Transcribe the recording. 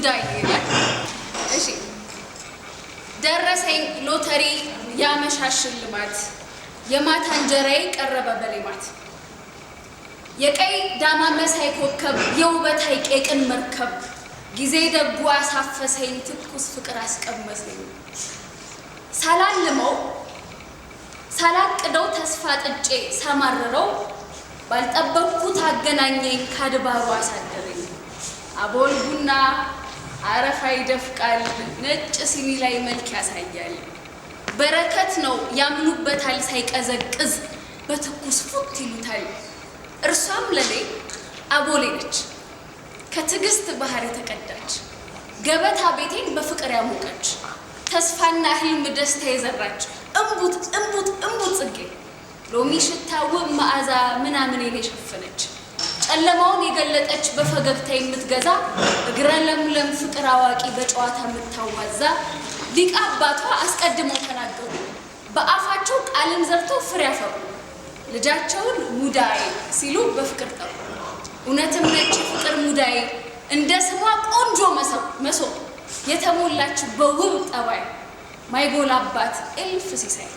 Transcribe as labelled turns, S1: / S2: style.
S1: ጉዳይ ይላል። እሺ ደረሰኝ ሎተሪ፣ ያመሻሽ ሽልማት፣ የማታ እንጀራዬ ቀረበ በሌማት፣ የቀይ ዳማ መሳይ ኮከብ፣ የውበት ሐይቅ የቅን መርከብ፣ ጊዜ ደጉ አሳፈሰኝ፣ ትኩስ ፍቅር አስቀመሰኝ። ሳላልመው ሳላቅደው ተስፋ ጥጬ ሳማርረው ባልጠበቅኩት አገናኘኝ፣ ካድባሩ አሳደረኝ አቦል ቡና አረፋ ይደፍቃል፣ ነጭ ሲኒ ላይ መልክ ያሳያል። በረከት ነው ያምኑበታል፣ ሳይቀዘቅዝ በትኩስ ፉት ይሉታል። እርሷም ለኔ አቦሌ ነች፣ ከትዕግስት ባህር የተቀዳች ገበታ ቤቴን በፍቅር ያሞቀች ተስፋና ህልም ደስታ የዘራች እምቡጥ እምቡጥ እምቡጥ ጽጌ ሎሚ ሽታ ውብ መዓዛ ምናምን የሸፈነች ጨለማውን የገለጠች በፈገግታ የምትገዛ እግረ ለምለም ፍቅር አዋቂ በጨዋታ የምታዋዛ ሊቃ አባቷ አስቀድመው ተናገሩ። በአፋቸው ቃልን ዘርተው ፍሬ ያፈሩ ልጃቸውን ሙዳዬ ሲሉ በፍቅር ጠሩ። እውነትም ነጭ ፍቅር ሙዳዬ እንደ ስሟ ቆንጆ መሶብ የተሞላች በውብ ጠባይ ማይጎላባት እልፍ ሲሳይ